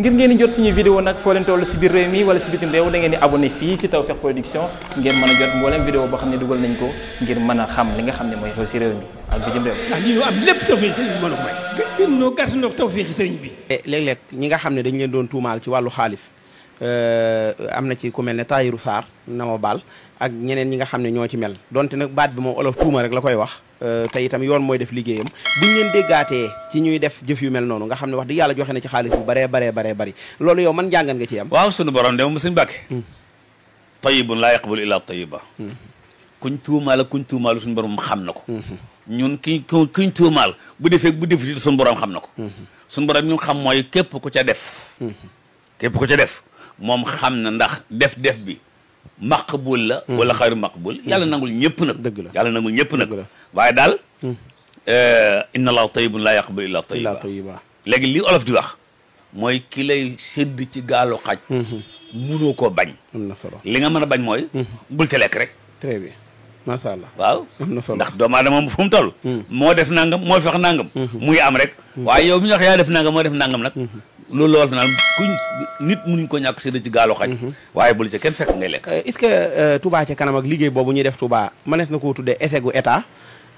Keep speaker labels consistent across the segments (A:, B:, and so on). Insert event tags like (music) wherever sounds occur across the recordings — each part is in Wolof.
A: ngir ngeen di jot suñu vidéo nag foo leen toll si biir réew mi wala si bitim réew da ngeen di abonné fii si Tawfekh Production ngeen mën a jot mboolem vidéo boo xam ne dugal nañ ko ngir mën a xam li nga xam ne mooy xew si réew mi ak bitim réew. am lépp tawfeex bi mën eh, ñi nga xam ne dañ leen doon tuumaal ci wàllu xaalis euh, am na ci ku mel ne Tahirou Sarr na ma baal ak ñeneen ñi nga xam ne ñoo ci mel donte nag baat bi moom olof tuuma rek la koy wax Euh, tey itam yoon mooy def liggéeyam buñ leen déggaatee ci ñuy def jëf yu mel noonu nga xam ne wax dëgg yàlla joxe na ci xaalis bu baree baree baree bari loolu yow man njàngan nga ci am
B: waaw sunu borom de moom suñ bàkke hmm. tayibun laa yaqbalu illa tayiba hmm. kuñ tuumaal kuñ tuumaal suñu borom xam na ko hmm. ñun ki kuñ tuumaal bu defee bu defee suñu borom xam na ko suñu borom ñu xam mooy képp ko ca def képp ku ca def moom xam na ndax def def bi maqbul la hmm. wala xayru maqbul hmm. yàlla nangul ñëpp nag dëgg la yàlla nangul ñëpp nag waaye daal hmm. eh, inna allahu tayyibun laa yaqbalu illa tayyiba léegi li olof di wax mooy ki lay sëdd ci gaalu xaj munoo ko bañ am li nga mën a bañ mooy bul te lekk rek très bien macha allah waaw am na solo ndax doomu aadama fu mu toll moo def nangam moo fex nangam muy am rek waaye yow mi ñu yaa def nangam moo def nangam nag loolu la wax naan kuñ nit mënuñ ko ñàkk sédd ci gaalu xaj mhm. waaye bu la ca kenn fekk ngay lekk euh,
A: est-ce que euh, Touba ca kanam ak liggéey boobu ñu def Touba mënees na koo tuddee effet gu état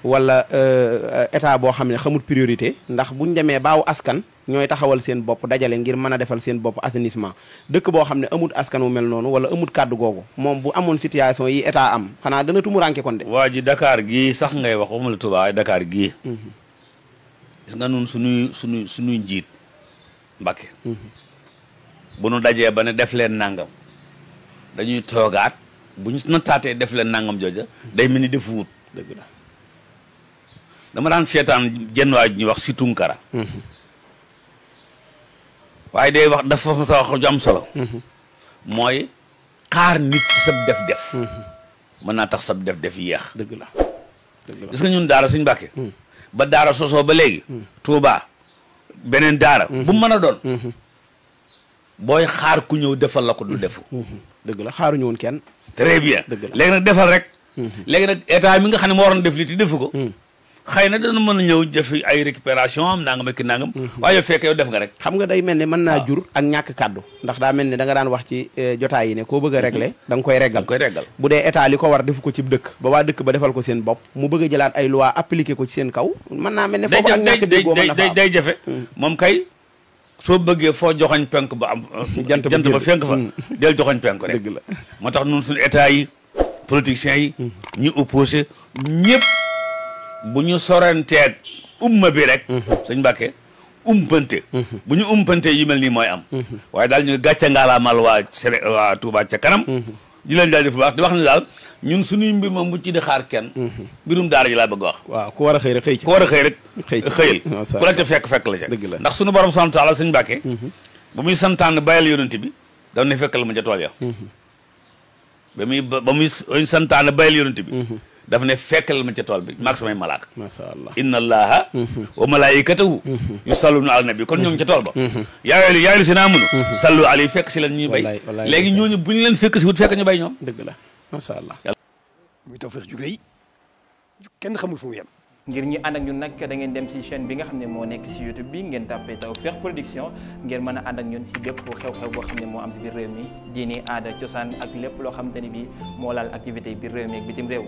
A: wala euh, état boo xam ne xamul priorité ndax buñ demee baaw askan ñooy taxawal seen bopp dajale ngir mën a defal seen bopp assainissement dëkk boo xam ne amut askan wu mel noonu wala amut kàddu googu moom bu amoon situation yi état am xanaa dana tumuranke kon de waa ji
B: Dakar gii sax ngay wax waxuma la Touba Dakar gii mhm. gis suñuy suñuy suñuy njiit Mbàkke bu nu dajee ba ne def leen nangam dañuy toogaat bu ñu na def leen nangam jooja day mel ni defu wut dama daan seetaan jenn waay ñuy wax si tunkara mhm. waaye day wax dafa fa sa wax ju am solo mhm. mooy xaar nit sab def def mhm. mën naa tax sab def def yéex dëgg la ñun daara suñ Mbàkke ba daara sosoo ba léegi Tuubaa beneen daara. Mhm. bu mu mën a doon. Mhm. booy xaar ku ñëw defal la ko du mhm.
A: defu. dëgg la xaaruñu woon kenn.
B: très bien léegi nag defal rek.
A: léegi nag état mi nga xam ne moo waroon def
B: li ti defu ko. xëy na dana mën a ñëw def ay récupération am nangam ak nangam. Mhm. waaye yow fekk def nga rek.
A: xam nga day mel ne mën naa jur ak ñàkk kàddu. ndax daa mel ne da nga daan wax ci eh, jotaay yi ne koo bëgg a mhm. régler da nga koy réggal koy réggal bu dee état li ko war defu ko ci dëkk ba waa dëkk ba defal ko seen bopp mu bëgg a ay loi appliqué ko ci seen kaw mën naa mel ne foofu ak ñàkk déggoo mën na fa jafe
B: mm. moom kay soo bëggee foo joxoñ penk ba am (laughs) jant ba fenk fa mm. del joxoñ penk rek la moo tax ñun suñu état yi politiciens yi mm. ñi opposé ñëpp bu ñu soranteeg umma bi rek sëñ Mbàkke umpante mhm. bu ñu umpante yu mel nii mooy am mhm. waaye daal ñu gàcce ngaalaamal waa Séré waa Touba ca kanam mhm. di leen daal di baax di wax ne daal ñun suñuy mbir moom bu ci di xaar kenn mbirum daara ji laa bëgg a wax waaw
A: ku war a xëy rek xëy ku war a xëy rek
B: xëyal ku la ca fekk fekk la ca ndax suñu borom sant taala sëñ Mbàkke bu muy santaan bàyyil yonent bi daf ne fekk la ma ca tool ya ba muy ba muy santaan bàyyil yonent bi daf ne fekkal ma ca tool bi maag samay malaaka masha allah inna allaha wa malaikatahu al na bi kon ñoo ngi ca tool ba yaayolu yaayolu si naa munu sallu alayhi fekk si leen ñuy bay léegi ñooñu bu ñu leen fekk si wut fekk ñu bay ñoom dëgg la masha allah
A: muy tawfeex ju rëy kenn xamul fu mu ngir ñi ànd ak ñun nag da ngeen dem ci chaîne bi nga xam ne moo nekk si youtube bi ngeen tàppee Tawfekh Production ngeen mën a ànd ak ñun si bépp xew-xew boo xam ne moo am si biir réew mi diini aada cosaan ak lépp loo xamante ni bi moo laal activité biir réew mi ak bitim réew